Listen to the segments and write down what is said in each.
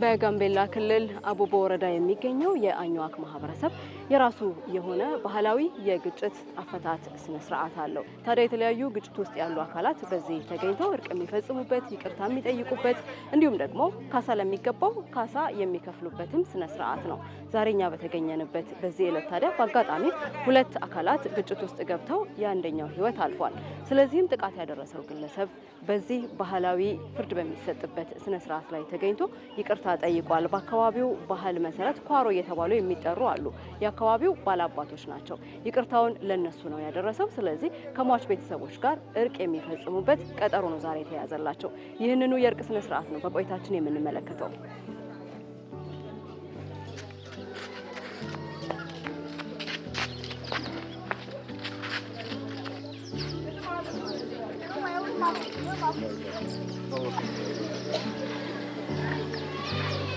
በጋምቤላ ክልል አቡበ ወረዳ የሚገኘው የአኝዋክ ማህበረሰብ የራሱ የሆነ ባህላዊ የግጭት አፈታት ስነ ስርዓት አለው። ታዲያ የተለያዩ ግጭት ውስጥ ያሉ አካላት በዚህ ተገኝተው እርቅ የሚፈጽሙበት፣ ይቅርታ የሚጠይቁበት እንዲሁም ደግሞ ካሳ ለሚገባው ካሳ የሚከፍሉበትም ስነ ስርዓት ነው። ዛሬኛ በተገኘንበት በዚህ ዕለት ታዲያ በአጋጣሚ ሁለት አካላት ግጭት ውስጥ ገብተው የአንደኛው ህይወት አልፏል። ስለዚህም ጥቃት ያደረሰው ግለሰብ በዚህ ባህላዊ ፍርድ በሚሰጥበት ስነ ስርዓት ላይ ተገኝቶ ይቅርታ ጠይቋል። በአካባቢው ባህል መሰረት ኳሮ እየተባሉ የሚጠሩ አሉ። የአካባቢው ባላባቶች ናቸው። ይቅርታውን ለነሱ ነው ያደረሰው። ስለዚህ ከሟች ቤተሰቦች ጋር እርቅ የሚፈጽሙበት ቀጠሮ ነው ዛሬ የተያዘላቸው። ይህንኑ የእርቅ ስነ ስርዓት ነው በቆይታችን የምንመለከተው። một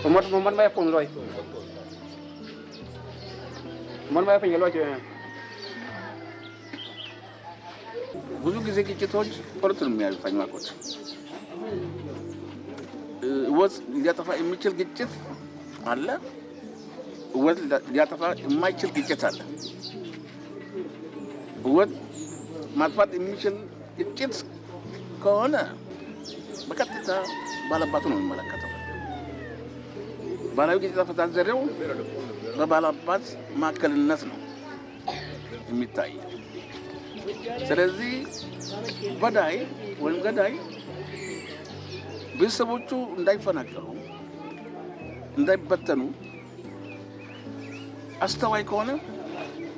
một mất mấy phun rồi ምን ማለት ያሏቸው ብዙ ጊዜ ግጭቶች ፖርት ነው የሚያዩት አኝዋቆች ወዝ ሊያጠፋ የሚችል ግጭት አለ፣ ወዝ ሊያጠፋ የማይችል ግጭት አለ። ወዝ ማጥፋት የሚችል ግጭት ከሆነ በቀጥታ ባላባቱ ነው የሚመለከተው። ባህላዊ ጌጥ የተዘረው በባላባት ማዕከልነት ነው የሚታይ። ስለዚህ በዳይ ወይም ገዳይ ቤተሰቦቹ እንዳይፈናቀሉ እንዳይበተኑ አስተዋይ ከሆነ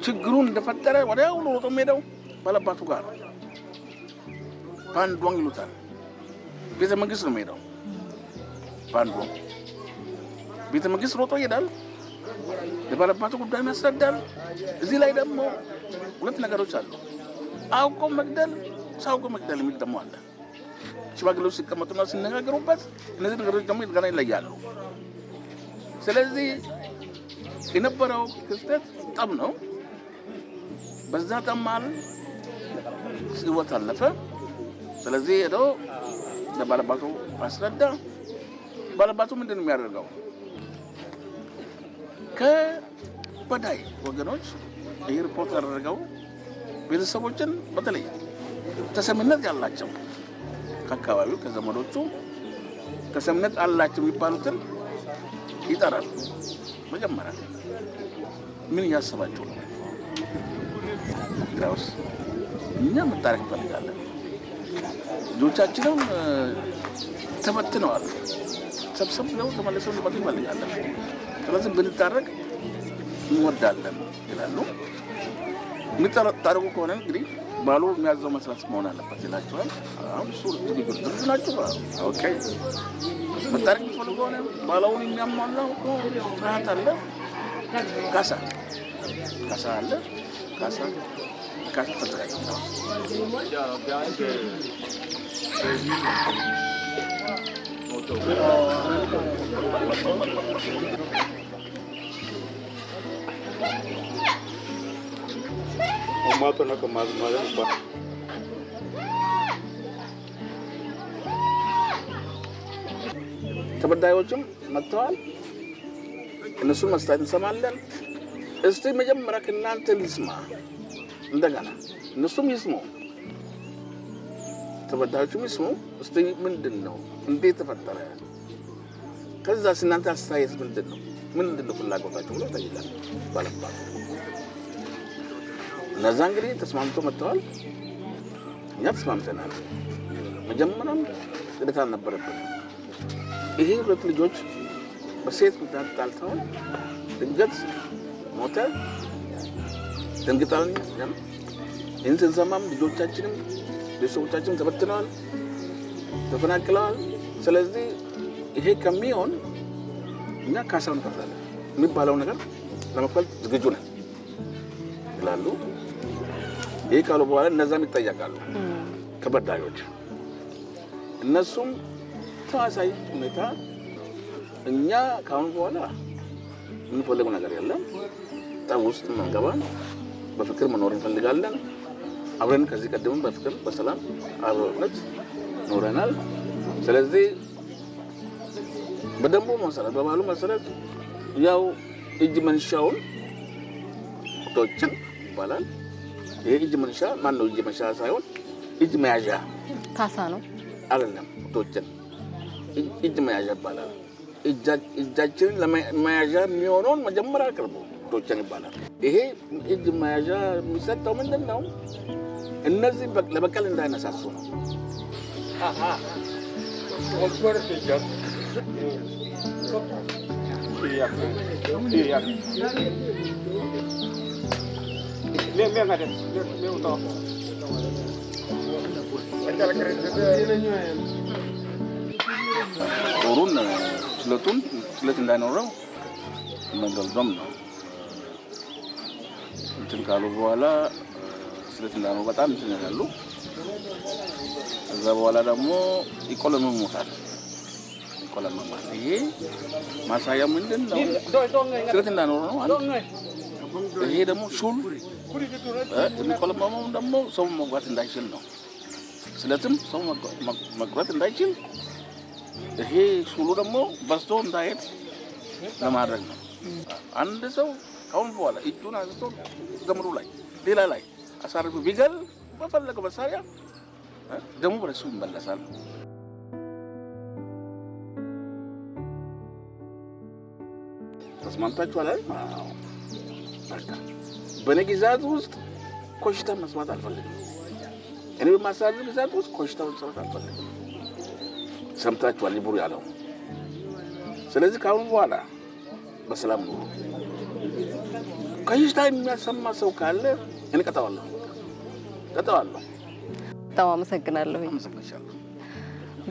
ችግሩን እንደፈጠረ ወዲያውኑ ሮጦ የሚሄደው ባላባቱ ጋር ነው። ባንዷን ይሉታል። ቤተ መንግስት ነው የምሄደው። ባንዷን ቤተ መንግስት ሮጦ ይሄዳል። የባለባቱ ጉዳይ ያስረዳል። እዚህ ላይ ደግሞ ሁለት ነገሮች አሉ። አውቆ መግደል፣ ሳውቆ መግደል የሚል ደግሞ አለ። ሽማግሌዎች ሲቀመጡና ሲነጋገሩበት እነዚህ ነገሮች ደግሞ ገና ይለያሉ። ስለዚህ የነበረው ክስተት ጠብ ነው። በዛ ጠብ መሃል ሕይወት አለፈ። ስለዚህ ሄዶ ለባለባቱ አስረዳ። ባለባቱ ምንድን ነው የሚያደርገው? ከበዳይ ወገኖች ይህ ሪፖርት ያደረገው ቤተሰቦችን በተለይ ተሰሚነት ያላቸው ከአካባቢው ከዘመዶቹ ተሰሚነት አላቸው የሚባሉትን ይጠራል። መጀመሪያ ምን እያሰባቸው ነው? እኛ መታረቅ እንፈልጋለን ልጆቻችንም ተበትነዋል። ሰብሰብ ብለው ተመልሰው ሊመጡ ይፈልጋለን። ስለዚህ ብንታረቅ እንወዳለን ይላሉ። የሚታረቁ ከሆነ እንግዲህ ባሉ የሚያዘው መስራት መሆን አለበት ይላቸዋል። አሁን እሱ ድርድር ናቸው። መታረቅ የሚፈልግ ከሆነ ባለውን የሚያሟላው ፍርሃት አለ። ካሳ ካሳ አለ። ካሳ ካሳ ተዘጋጅ 엄마 또 나가 맞아 맞아 봐. ተበዳዮችም መጥተዋል። እነሱን መስታየት እንሰማለን። እስቲ መጀመሪያ ከእናንተ ልስማ እንደገና እነሱም ይስሙ፣ ተበዳዮቹም ይስሙ። እስቲ ምንድን ነው እንዴት ተፈጠረ? ከዛ እናንተ አስተያየት ምንድን ነው? ምንድን ነው ፍላጎታቸው ብሎ ይጠይቃል። ባለባት እነዛ እንግዲህ ተስማምቶ መጥተዋል። እኛ ተስማምተናል። መጀመሪያም ቅሬታ አልነበረብን። ይሄ ሁለት ልጆች በሴት ምክንያት ጣልተውን ድንገት ሞተ። ደንግጣል። ይህን ስንሰማም ልጆቻችንም ቤተሰቦቻችንም ተበትነዋል፣ ተፈናቅለዋል። ስለዚህ ይሄ ከሚሆን እኛ ካሳ እንከፍላለን የሚባለው ነገር ለመክፈል ዝግጁ ነን ይላሉ። ይህ ካሉ በኋላ እነዛም ይጠየቃሉ ከበዳዮች እነሱም ተዋሳይ ሁኔታ እኛ ከአሁን በኋላ የምንፈልገው ነገር የለም፣ ጠብ ውስጥ መንገባ በፍቅር መኖር እንፈልጋለን አብረን ከዚህ ቀደም በፍቅር በሰላም አብሮነት ኖረናል። ስለዚህ በደንቡ መሰረት በባህሉ መሰረት ያው እጅ መንሻውን ቶችን ይባላል። ይሄ እጅ መንሻ ማን ነው? እጅ መንሻ ሳይሆን እጅ መያዣ ካሳ ነው አይደለም። ቶችን እጅ መያዣ ይባላል። እጃችንን ለመያዣ የሚሆነውን መጀመሪያ አቅርቡ ቶችን ይባላል። ይሄ እጅ መያዣ የሚሰጠው ምንድን ነው? እነዚህ ለበቀል እንዳይነሳሱ ነው። ጦሩን ስለቱን ስለት እንዳይኖረው መገልገም ነው። እንትን ካሉ በኋላ ስለስላ ነው በጣም እንትን ያሉ። ከዛ በኋላ ደግሞ ይቆለመሙታል። ይቆለመማል። ይሄ ማሳያ ምንድን ነው? ስለስላ ኖሮ ነው። ይሄ ደግሞ ሹል የሚቆለመመውም ደግሞ ሰው መጓት እንዳይችል ነው። ስለትም ሰው መቁረጥ እንዳይችል ይሄ ሹሉ ደግሞ በዝቶ እንዳይሄድ ለማድረግ ነው። አንድ ሰው ካሁን በኋላ እጁን አንስቶ ዘምሩ ላይ ሌላ ላይ አሳርፎ ቢገል በፈለገው መሳሪያ ደግሞ በሱ ይመለሳል። ተስማምታችኋል። በእኔ ግዛት ውስጥ ኮሽታ መስማት አልፈልግም። እኔ በማሳደር ግዛት ውስጥ ኮሽታ መስማት አልፈልግም። ሰምታችኋል ቡሩ ያለው። ስለዚህ ከአሁኑ በኋላ በሰላም ነው። ከሽታ የሚያሰማ ሰው ካለ እኔ ቀጠዋለሁ ቀጠዋለሁ። በጣም አመሰግናለሁ። አመሰግናለሁ።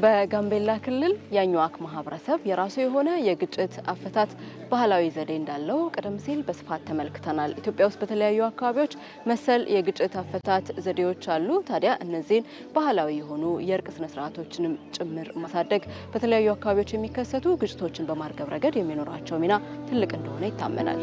በጋምቤላ ክልል የአኟዋክ ማህበረሰብ የራሱ የሆነ የግጭት አፈታት ባህላዊ ዘዴ እንዳለው ቀደም ሲል በስፋት ተመልክተናል። ኢትዮጵያ ውስጥ በተለያዩ አካባቢዎች መሰል የግጭት አፈታት ዘዴዎች አሉ። ታዲያ እነዚህን ባህላዊ የሆኑ የእርቅ ስነስርዓቶችንም ጭምር ማሳደግ በተለያዩ አካባቢዎች የሚከሰቱ ግጭቶችን በማርገብ ረገድ የሚኖራቸው ሚና ትልቅ እንደሆነ ይታመናል።